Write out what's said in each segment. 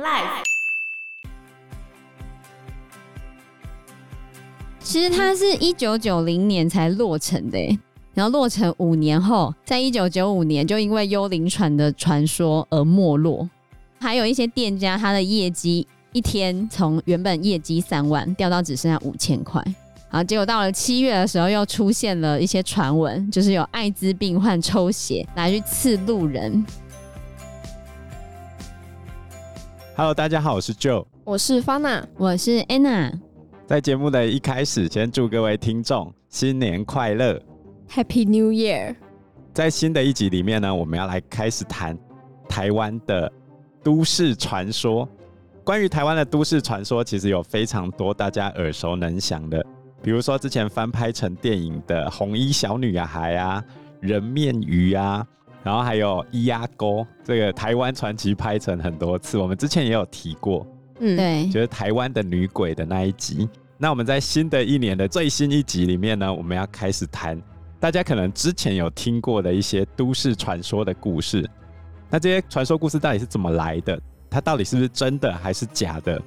Life、其實它是一九九零年才落成的。然後落成五年後，在一九九五年就因為幽靈船的傳說而沒落。還有一些店家，他的業績一天從原本業績三萬掉到只剩下五千塊。然後結果到了七月的時候，又出現了一些傳聞，就是有艾滋病患抽血拿去刺路人。Hello，大家好，我是 Joe，我是 Fana，我是 Anna。在節目的一開始，先祝各位聽眾新年快樂，Happy New Year。在新的一集裡面呢，我們要來開始談台灣的都市傳說。關於台灣的都市傳說，其實有非常多大家耳熟能詳的，比如說之前翻拍成電影的紅衣小女孩啊，人面魚啊。然後還有伊家溝，這個台灣傳奇拍成很多次，我們之前也有提過。嗯，對，就是台灣的女鬼的那一集。那我們在新的一年的最新一集裡面呢，我們要開始談大家可能之前有聽過的一些都市傳說的故事。那這些傳說故事到底是怎麼來的？它到底是不是真的還是假的？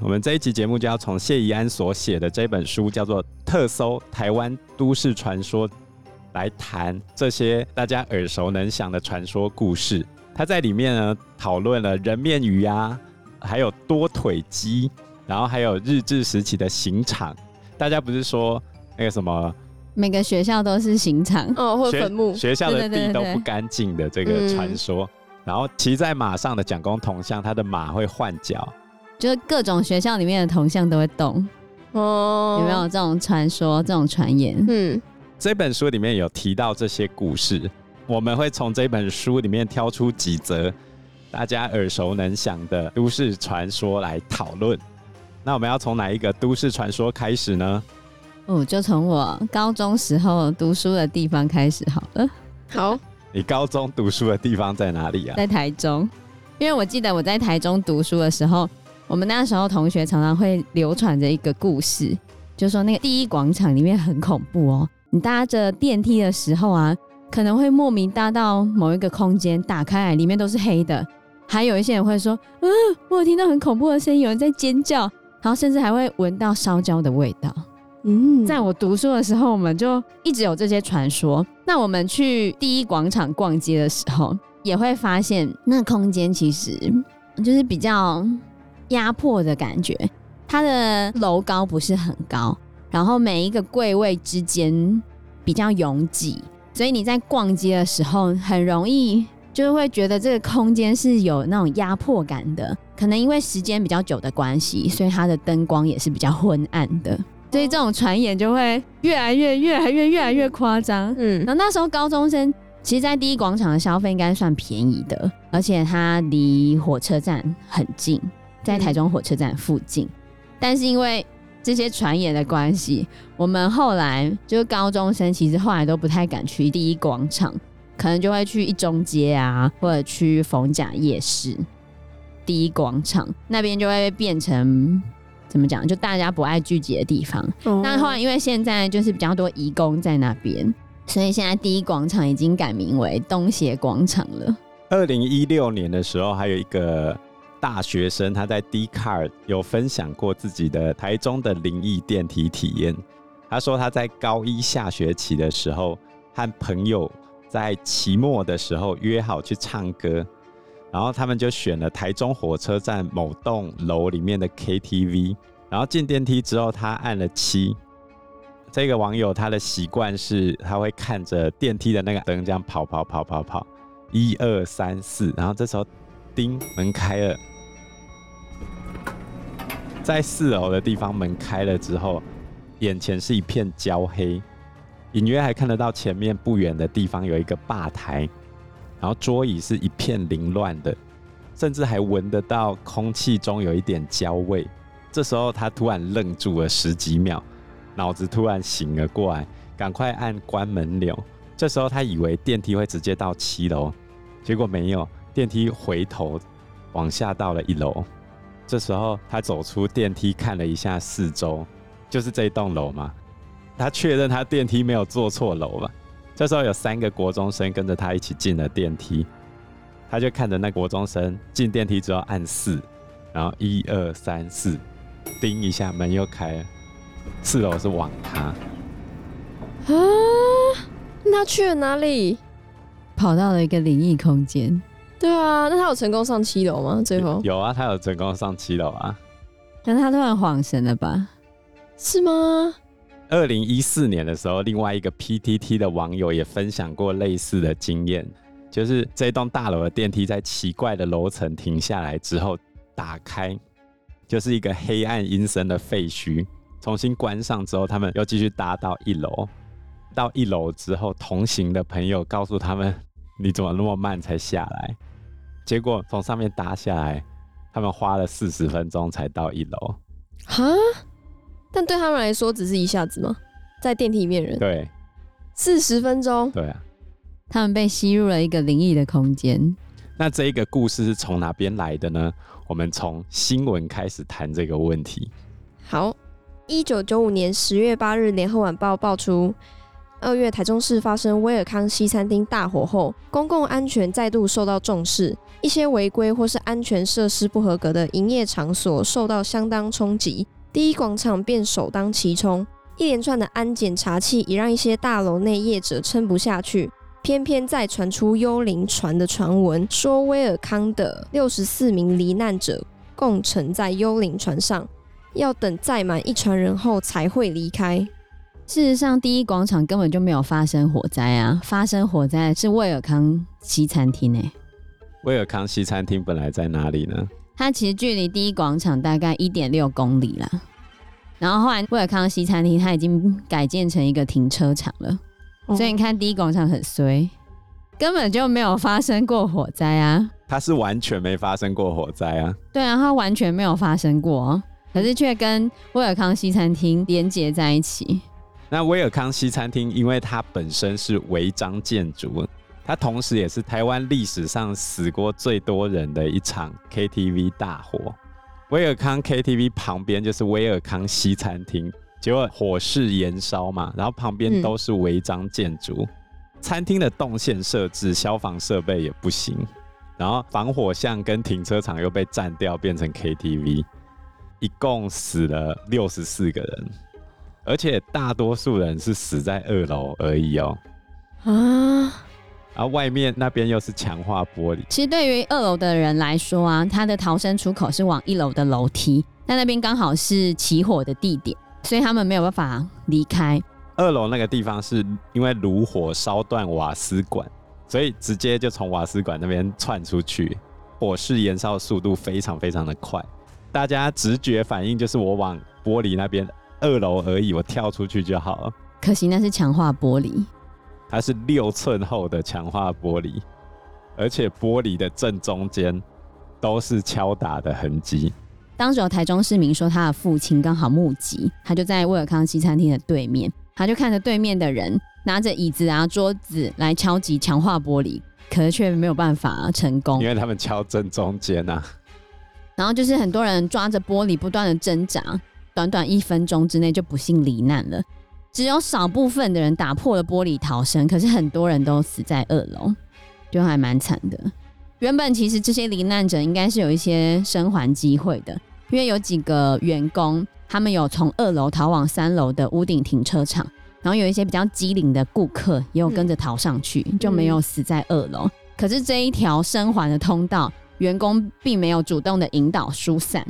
我們這一集節目就要從謝宜安所寫的這本書，叫做《特搜台灣都市傳說》。來談這些大家耳熟能詳的傳說故事。他在裡面呢，討論了人面魚啊，還有多腿雞，然後還有日治時期的刑場。大家不是說那個什麼，每個學校都是刑場哦，或墳墓，學，學校的地都不乾淨的這個傳說。對對對對嗯。然後騎在馬上的蔣公銅像，他的馬會換腳，就是各種學校裡面的銅像都會動哦。Oh. 有沒有這種傳說，這種傳言？嗯。這本書裡面有提到這些故事，我們會從這本書裡面挑出幾則大家耳熟能詳的都市傳說來討論。那我們要從哪一個都市傳說開始呢？哦，就從我高中時候讀書的地方開始好了。好，你高中讀書的地方在哪裡啊？在台中，因為我記得我在台中讀書的時候，我們那時候同學常常會流傳着一個故事，就是說那個第一廣場裡面很恐怖哦。你搭着電梯的時候啊，可能會莫名搭到某一個空間，打開來裡面都是黑的。還有一些人會說：“嗯、啊，我有聽到很恐怖的聲音，有人在尖叫。”然後甚至還會聞到燒焦的味道。嗯，在我讀書的時候，我們就一直有這些傳說。那我們去第一廣場逛街的時候，也會發現那空間其實就是比較壓迫的感覺。它的樓高不是很高。然後每一個櫃位之間比較擁擠，所以你在逛街的時候很容易就是會覺得這個空間是有那種壓迫感的。可能因為時間比較久的關係，所以它的燈光也是比較昏暗的。所以這種傳言就會越來越、越來越、越來越誇張。嗯，然後那時候高中生其實，在第一廣場的消費應該算便宜的，而且它離火車站很近，在台中火車站附近。嗯、但是因為這些傳言的關係，我們後來就是高中生，其實後來都不太敢去第一廣場，可能就會去一中街啊，或者去逢甲夜市。第一廣場那邊就會變成怎麼講，就大家不愛聚集的地方。嗯。那後來因為現在就是比較多移工在那邊，所以現在第一廣場已經改名為東協廣場了。二零一六年的時候，還有一個。大學生他在 Dcard 有分享過自己的台中的靈異電梯體驗。他說他在高一下學期的時候，和朋友在期末的時候約好去唱歌，然後他們就選了台中火車站某棟樓裡面的 KTV。然後進電梯之後，他按了七。這個網友他的習慣是他會看着電梯的那個燈這樣跑跑跑跑跑，一二三四，然後這時候叮，門開了。在四樓的地方，門開了之後，眼前是一片焦黑，隱約還看得到前面不遠的地方有一個吧台，然後桌椅是一片凌亂的，甚至還聞得到空氣中有一點焦味。這時候他突然愣住了十幾秒，腦子突然醒了過來，趕快按關門鈕。這時候他以為電梯會直接到七樓，結果沒有，電梯回頭往下到了一樓。這時候，他走出電梯，看了一下四周，就是這棟樓嘛。他確認他電梯沒有坐錯樓了。這時候有三個國中生跟着他一起進了電梯，他就看着那個國中生進電梯，只要按四，然後一二三四，叮一下，門又開了。四樓是往他網咖。啊？那去了哪裡？跑到了一個靈異空間。對啊，那他有成功上七樓嗎？最後？有，有啊，他有成功上七樓啊。但他突然恍神了吧？是嗎？二零一四年的時候，另外一個 PTT 的網友也分享過類似的經驗，就是這棟大樓的電梯在奇怪的樓層停下來之後，打開就是一個黑暗陰森的廢墟，重新關上之後，他們又繼續搭到一樓。到一樓之後，同行的朋友告訴他們：“你怎麼那麼慢才下來？”結果從上面搭下來，他們花了四十分鐘才到一樓。哈？但對他們來說只是一下子嗎？在電梯裡面人。對。四十分鐘。對啊。他們被吸入了一個靈異的空間。那這一個故事是從哪邊來的呢？我們從新聞開始談這個問題。好，一九九五年十月八日，《聯合晚報》爆出，二月台中市發生衛爾康西餐廳大火後，公共安全再度受到重視。一些違規或是安全設施不合格的營業場所受到相當衝擊，第一廣場便首當其衝。一連串的安檢查器已讓一些大樓內業者撐不下去。偏偏再傳出幽靈船的傳聞，說威爾康的六十四名罹難者共乘在幽靈船上，要等載滿一船人後才會離開。事實上，第一廣場根本就沒有發生火災啊！發生火災是威爾康西餐廳欸。衛爾康西餐廳本來在哪裡呢？它其實距離第一廣場大概一點六公里啦。然後後來衛爾康西餐廳它已經改建成一個停車場了，所以你看第一廣場很衰，根本就沒有發生過火災啊。它是完全沒發生過火災啊。對啊，它完全沒有發生過，可是卻跟衛爾康西餐廳連接在一起。那衛爾康西餐廳因為它本身是違章建築。它同時也是台灣歷史上死過最多人的一場 KTV 大火。衛爾康 KTV 旁邊就是衛爾康西餐廳，結果火勢延燒嘛，然後旁邊都是違章建築、嗯，餐廳的動線設置、消防設備也不行，然後防火巷跟停車場又被占掉，變成 KTV。一共死了六十四個人，而且大多數人是死在二樓而已哦、喔。啊！而、啊、外面那邊又是強化玻璃。其實對於二樓的人來說啊，他的逃生出口是往一樓的樓梯，但那邊剛好是起火的地點，所以他們沒有辦法離開。二樓那個地方是因為爐火燒斷瓦斯管，所以直接就從瓦斯管那邊竄出去。火勢燃燒速度非常非常的快，大家直覺反應就是我往玻璃那邊二樓而已，我跳出去就好了。可惜那是強化玻璃。它是六寸厚的強化玻璃，而且玻璃的正中間都是敲打的痕跡。當時有台中市民說，他的父親剛好目擊，他就在威爾康西餐廳的對面，他就看着對面的人拿着椅子啊、桌子來敲擊強化玻璃，可是卻沒有辦法成功，因為他們敲正中間啊。然後就是很多人抓着玻璃不斷的掙扎，短短一分鐘之內就不幸罹難了。只有少部分的人打破了玻璃逃生，可是很多人都死在二樓，就還蠻慘的。原本其實這些罹難者應該是有一些生還機會的，因為有幾個員工他們有從二樓逃往三樓的屋頂停車場，然後有一些比較機靈的顧客也有跟着逃上去，嗯，就沒有死在二樓，嗯。可是這一條生還的通道，員工並沒有主動的引導疏散。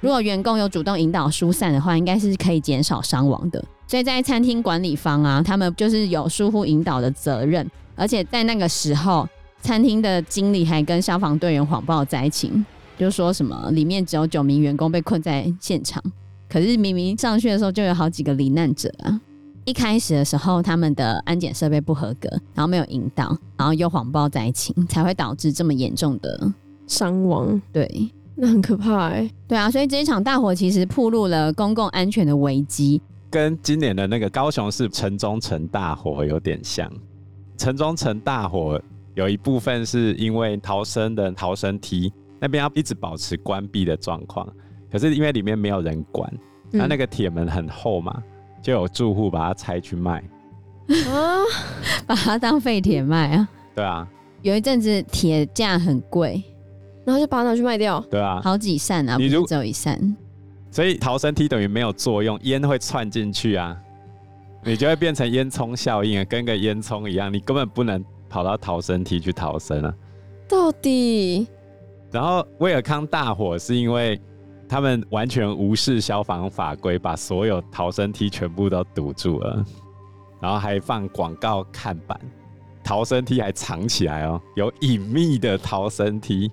如果員工有主動引導疏散的話，應該是可以減少傷亡的。所以，在餐廳管理方啊，他們就是有疏忽引導的責任。而且在那個時候，餐廳的經理還跟消防隊員謊報災情，就說什麼裡面只有九名員工被困在現場，可是明明上去的時候就有好幾個罹難者啊。一開始的時候，他們的安檢設備不合格，然後沒有引導，然後又謊報災情，才會導致這麼嚴重的傷亡。對，那很可怕哎、欸。對啊，所以這一場大火其實暴露了公共安全的危機。跟今年的那個高雄市城中城大火有點像，城中城大火有一部分是因為逃生的逃生梯那邊要一直保持關閉的狀況，可是因為裡面沒有人管，那、嗯、那個鐵門很厚嘛，就有住戶把它拆去賣，哦、把它當廢鐵賣啊，對啊，有一陣子鐵價很貴，然後就把它拿去賣掉，對啊，好幾扇啊，不是只有一扇。所以逃生梯等於沒有作用，煙會竄進去啊，你就會變成煙囪效應啊，跟個煙囪一樣，你根本不能跑到逃生梯去逃生啊。到底？然後衛爾康大火是因為他們完全無視消防法規，把所有逃生梯全部都堵住了，然後還放廣告看板，逃生梯還藏起來哦，有隱秘的逃生梯，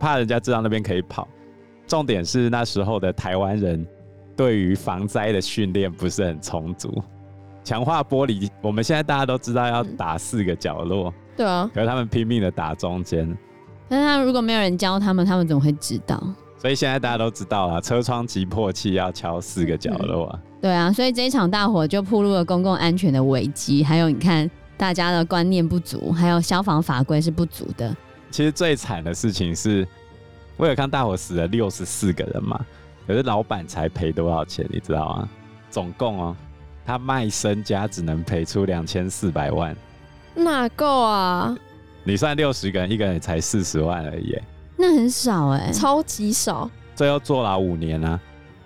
怕人家知道那邊可以跑。重點是那時候的台灣人對於防災的訓練不是很充足，強化玻璃，我們現在大家都知道要打四個角落，對啊，可是他們拼命的打中間。可是他如果沒有人教他們，他們怎麼會知道？所以現在大家都知道啊，車窗擊破器要敲四個角落啊。對啊，所以這一場大火就暴露了公共安全的危機，還有你看大家的觀念不足，還有消防法規是不足的。其實最慘的事情是。衛爾康大火死了六十四個人嘛，可是老板才賠多少錢，你知道嗎？總共哦，他賣身家只能賠出兩千四百萬，哪夠啊？你算六十個人，一個人才四十萬而已，那很少欸，超級少。最後坐牢五年啊。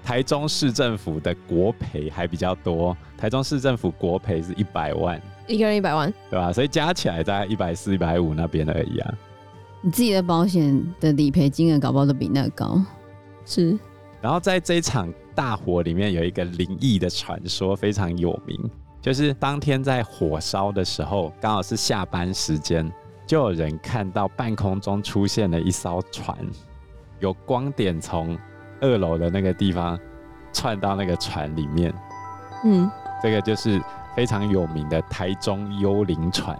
台中市政府的國賠還比較多，台中市政府國賠是一百萬，一個人一百萬，對吧？所以加起來大概一百四、一百五那邊而已啊。你自己的保險的理賠金額，搞不好都比那個高。是。然後在這一場大火裡面，有一個靈異的傳說非常有名，就是當天在火燒的時候，剛好是下班時間，就有人看到半空中出現了一艘船，有光點從二樓的那個地方竄到那個船裡面。嗯，這個就是非常有名的台中幽靈船。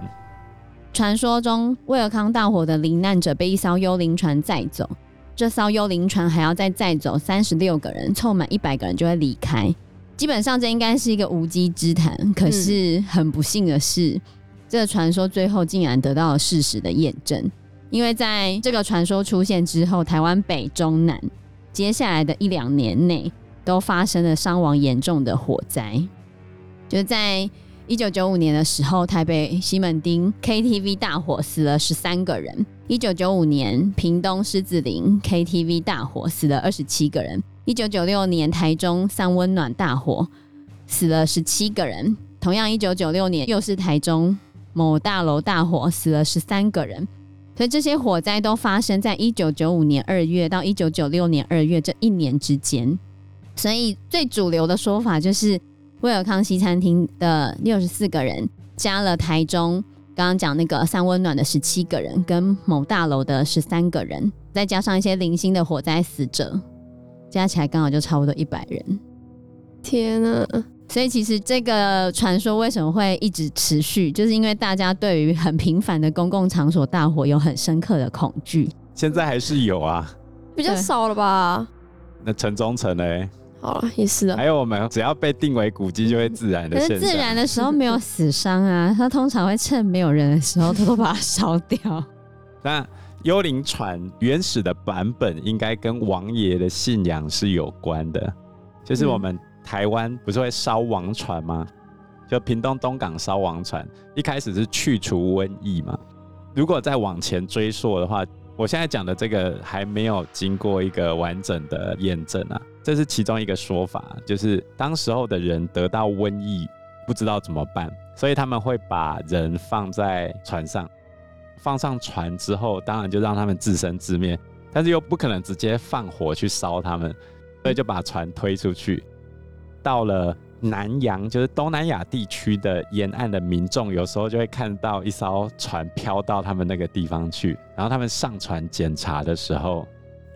傳說中，衛爾康大火的罹難者被一艘幽靈船載走，這艘幽靈船還要再載走三十六個人，湊滿一百個人就會離開。基本上，這應該是一個無稽之談。可是很不幸的是，嗯、這個傳說最後竟然得到了事實的驗證。因為在這個傳說出現之後，台灣北中南接下來的一兩年內都發生了傷亡嚴重的火災，就在。一九九五年的時候，台北西門町 KTV 大火死了十三個人；一九九五年，屏東獅子林 KTV 大火死了二十七個人；一九九六年，台中三溫暖大火死了十七個人。同樣，一九九六年又是台中某大樓大火死了十三個人。所以這些火災都發生在一九九五年二月到一九九六年二月這一年之間。所以最主流的說法就是。衛爾康西餐廳的六十四個人，加了台中剛剛講那個三溫暖的十七個人，跟某大樓的十三個人，再加上一些零星的火災死者，加起來剛好就差不多一百人。天啊！所以其實這個傳說為什麼會一直持續，就是因為大家對於很頻繁的公共場所大火有很深刻的恐懼。現在還是有啊，比較少了吧？那城中城呢？哦，也是。還有我們只要被定為古蹟，就會自燃的、嗯。可是自燃的時候沒有死傷啊，它 通常會趁沒有人的時候都偷偷把它燒掉。 那幽靈船原始的版本應該跟王爺的信仰是有關的，就是我們台灣不是會燒王船嗎？就屏東東港燒王船，一開始是去除瘟疫嘛。如果再往前追溯的話，我現在講的這個還沒有經過一個完整的驗證啊。這是其中一個說法，就是當時候的人得到瘟疫，不知道怎麼辦，所以他們會把人放在船上，放上船之後，當然就讓他們自生自滅，但是又不可能直接放火去燒他們，所以就把船推出去，到了南洋，就是東南亞地區的沿岸的民眾，有時候就會看到一艘船漂到他們那個地方去，然後他們上船檢查的時候。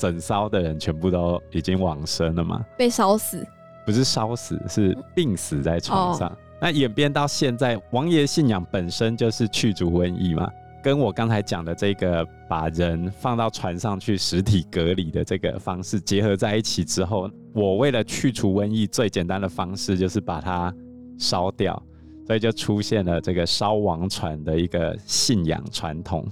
整燒的人全部都已經往生了嗎？被燒死？不是燒死，是病死在床上。哦、那演變到現在，王爺信仰本身就是去除瘟疫嘛？跟我剛才講的這個把人放到船上去實體隔離的這個方式結合在一起之後，我為了去除瘟疫，最簡單的方式就是把它燒掉，所以就出現了這個燒王船的一個信仰傳統。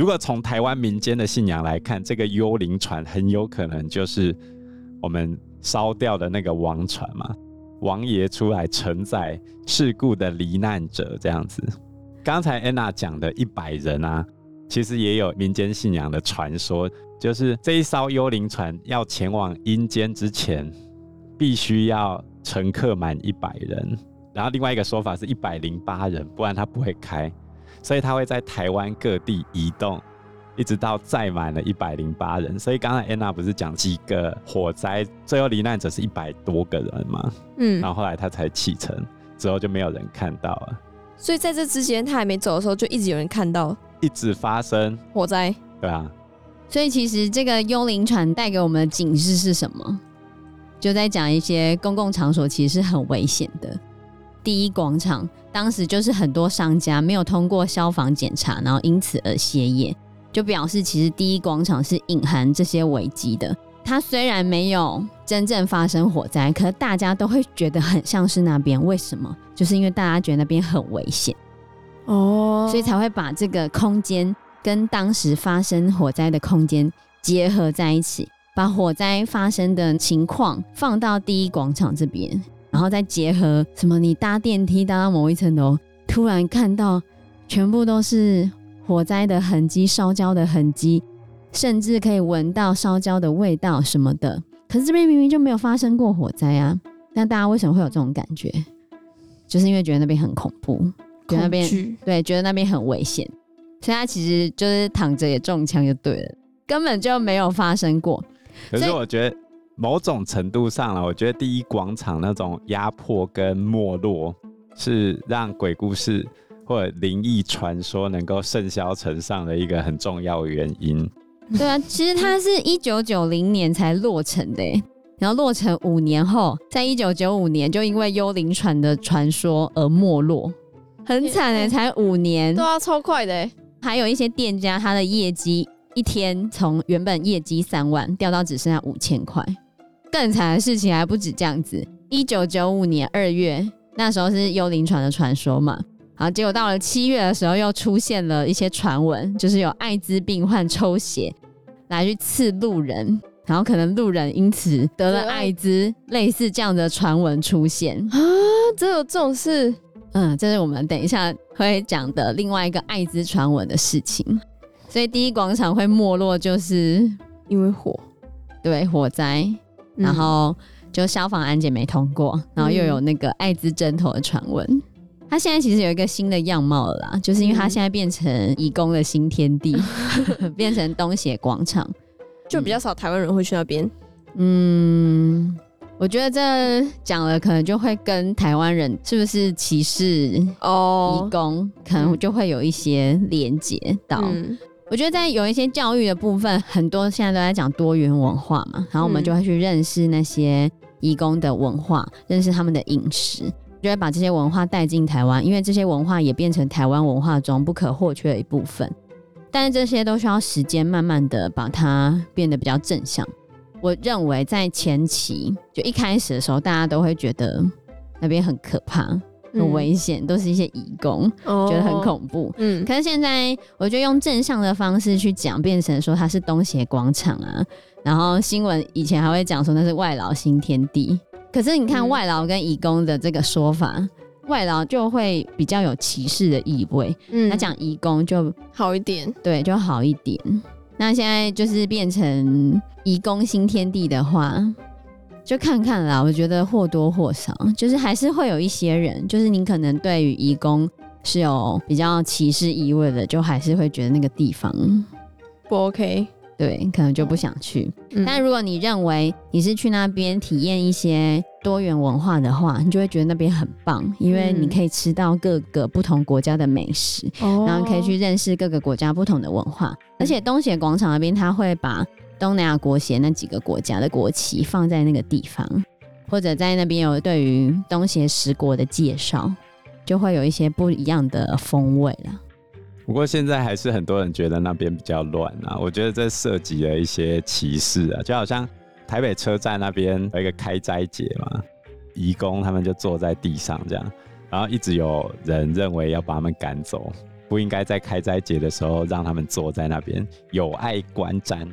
如果從台灣民間的信仰來看，這個幽靈船很有可能就是我們燒掉的那個王船嘛，王爺出來承載事故的罹難者這樣子。剛才安娜講的一百人啊，其實也有民間信仰的傳說，就是這一艘幽靈船要前往陰間之前，必須要乘客滿一百人，然後另外一個說法是一百零八人，不然它不會開。所以他會在台灣各地移動，一直到載滿了一百零八人。所以剛才安娜不是講幾個火災最後罹難者是一百多個人嗎？嗯，然後後來他才啟程，之後就沒有人看到了。所以在這之前他還沒走的時候，就一直有人看到，一直發生火災。對啊，所以其實這個幽靈船帶給我們的警示是什麼？就在講一些公共場所其實是很危險的。第一廣場當時就是很多商家沒有通過消防檢查，然後因此而歇業，就表示其實第一廣場是隱含這些危機的。它雖然沒有真正發生火災，可是大家都會覺得很像是那邊。為什麼？就是因為大家覺得那邊很危險哦，oh. 所以才會把這個空間跟當時發生火災的空間結合在一起，把火災發生的情況放到第一廣場這邊。然後再結合什麼？你搭電梯搭到某一層樓，突然看到全部都是火災的痕跡、燒焦的痕跡，甚至可以聞到燒焦的味道什麼的。可是這邊明明就沒有發生過火災啊！那大家為什麼會有這種感覺？就是因為覺得那邊很恐怖，恐懼。覺得那邊對，覺得那邊很危險，所以他其實就是躺着也中槍就對了，根本就沒有發生過。可是我覺得。某種程度上、啊、我覺得第一廣場那種壓迫跟沒落，是讓鬼故事或者靈異傳說能夠甚囂塵上的一個很重要原因。對啊， 其實它是一九九零年才落成的，然後落成五年後，在一九九五年就因為幽靈船的傳說而沒落，很慘哎、欸，才五年，對啊，超快的。還有一些店家，他的業績一天從原本業績三萬掉到只剩下五千塊。更慘的事情還不止這樣子。一九九五年二月，那時候是幽靈船的傳說嘛。然後結果到了七月的時候，又出現了一些傳聞，就是有艾滋病患抽血來去刺路人，然後可能路人因此得了艾滋，類似這樣的傳聞出現啊。這這種事，嗯，這是我們等一下會講的另外一個艾滋傳聞的事情。所以第一廣場會沒落，就是因為火，對，火災。然後就消防安檢沒通過、嗯，然後又有那個艾滋針頭的傳聞、嗯。他現在其實有一個新的樣貌了啦，就是因為他現在變成移工的新天地，嗯、變成東協廣場， 就比較少台灣人會去那邊。嗯，我覺得這講了，可能就會跟台灣人是不是歧視哦移工，可能就會有一些連結到。嗯嗯我覺得在有一些教育的部分，很多現在都在講多元文化嘛，然後我們就會去認識那些移工的文化，嗯、認識他們的飲食，就會把這些文化帶進臺灣，因為這些文化也變成臺灣文化中不可或缺的一部分。但是這些都需要時間，慢慢的把它變得比較正向。我認為在前期，就一開始的時候，大家都會覺得那邊很可怕。很危險、嗯，都是一些移工、哦，覺得很恐怖。嗯，可是現在我覺得用正向的方式去講，變成說它是東協廣場啊。然後新聞以前還會講說那是外勞新天地，可是你看外勞跟移工的這個說法，嗯、外勞就會比較有歧視的意味。嗯，他講移工就好一點，對，就好一點。那現在就是變成移工新天地的話。就看看啦，我覺得或多或少，就是還是會有一些人，就是你可能對於移工是有比較歧視意味的，就還是會覺得那個地方不 OK，對，可能就不想去，嗯。但如果你認為你是去那邊體驗一些多元文化的話，你就會覺得那邊很棒，因為你可以吃到各個不同國家的美食，嗯、然後你可以去認識各個國家不同的文化。哦、而且東協廣場那邊他會把。東南亞國協那幾個國家的國旗放在那個地方，或者在那邊有對於東協十國的介紹，就會有一些不一樣的風味了。不過現在還是很多人覺得那邊比較亂啊。我覺得這涉及了一些歧視啊，就好像台北車站那邊有一個開齋節嘛，移工他們就坐在地上這樣，然後一直有人認為要把他們趕走，不應該在開齋節的時候讓他們坐在那邊有礙觀瞻。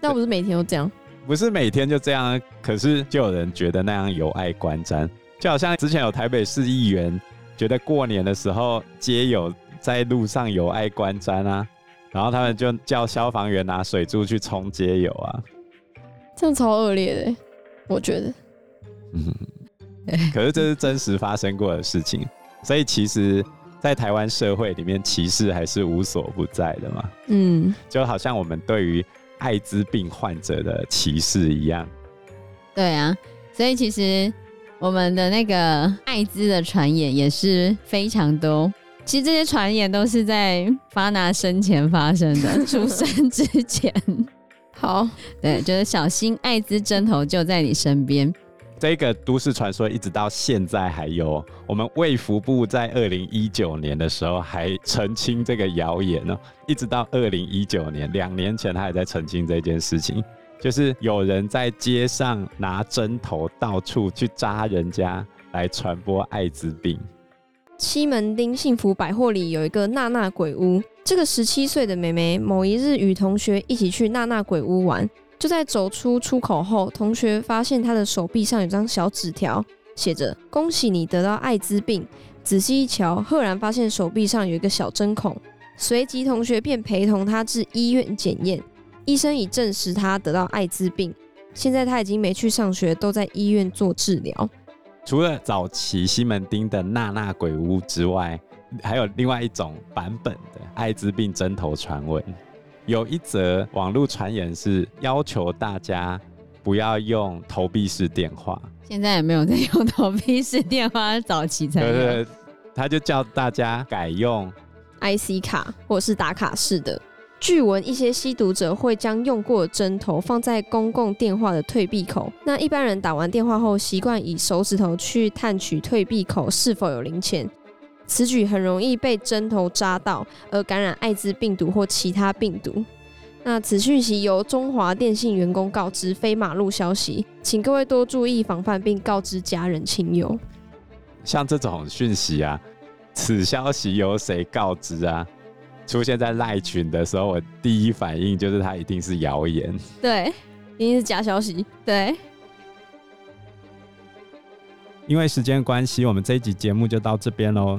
那不是每天都這樣，不是每天就這樣。可是就有人覺得那樣有礙觀瞻，就好像之前有台北市議員覺得過年的時候街友在路上有礙觀瞻啊，然後他們就叫消防員拿水柱去沖街友啊，這樣超惡劣的，我覺得。嗯 可是這是真實發生過的事情，所以其實，在台灣社會裡面，歧視還是無所不在的嘛。嗯，就好像我們對於。艾滋病患者的歧視一樣，對啊，所以其實我們的那個艾滋的傳言也是非常多。其實這些傳言都是在 Fana 生前發生的，出生之前。 好，對，就是小心艾滋針頭就在你身邊。這個都市傳說一直到現在還有，我們衛福部在二零一九年的時候還澄清這個謠言呢，一直到二零一九年，兩年前他還在澄清這件事情，就是有人在街上拿針頭到處去扎人家來傳播艾滋病。西門町幸福百貨裡有一個娜娜鬼屋，這個十七歲的妹妹某一日與同學一起去娜娜鬼屋玩。就在走出出口後，同學發現他的手臂上有張小紙條，寫着“恭喜你得到艾滋病”。仔細一瞧，赫然發現手臂上有一個小針孔。隨即，同學便陪同他至醫院檢驗，醫生已證實他得到艾滋病。現在他已經沒去上學，都在醫院做治療。除了早期西門町的娜娜鬼屋之外，還有另外一種版本的艾滋病針頭傳聞。有一則網路傳言是要求大家不要用投幣式電話，現在也沒有在用投幣式電話早期才對。對，可是他就叫大家改用 IC 卡或是打卡式的。據聞一些吸毒者會將用過針頭放在公共電話的退幣口，那一般人打完電話後習慣以手指頭去探取退幣口是否有零錢。此舉很容易被針頭扎到而感染艾滋病毒或其他病毒。那此訊息由中華電信員工告知，非馬路消息，請各位多注意防範，並告知家人親友。像這種訊息啊，此消息由誰告知啊？出現在賴群的時候，我第一反應就是他一定是謠言，對，一定是假消息，對。因為時間關係，我們這一集節目就到這邊嘍。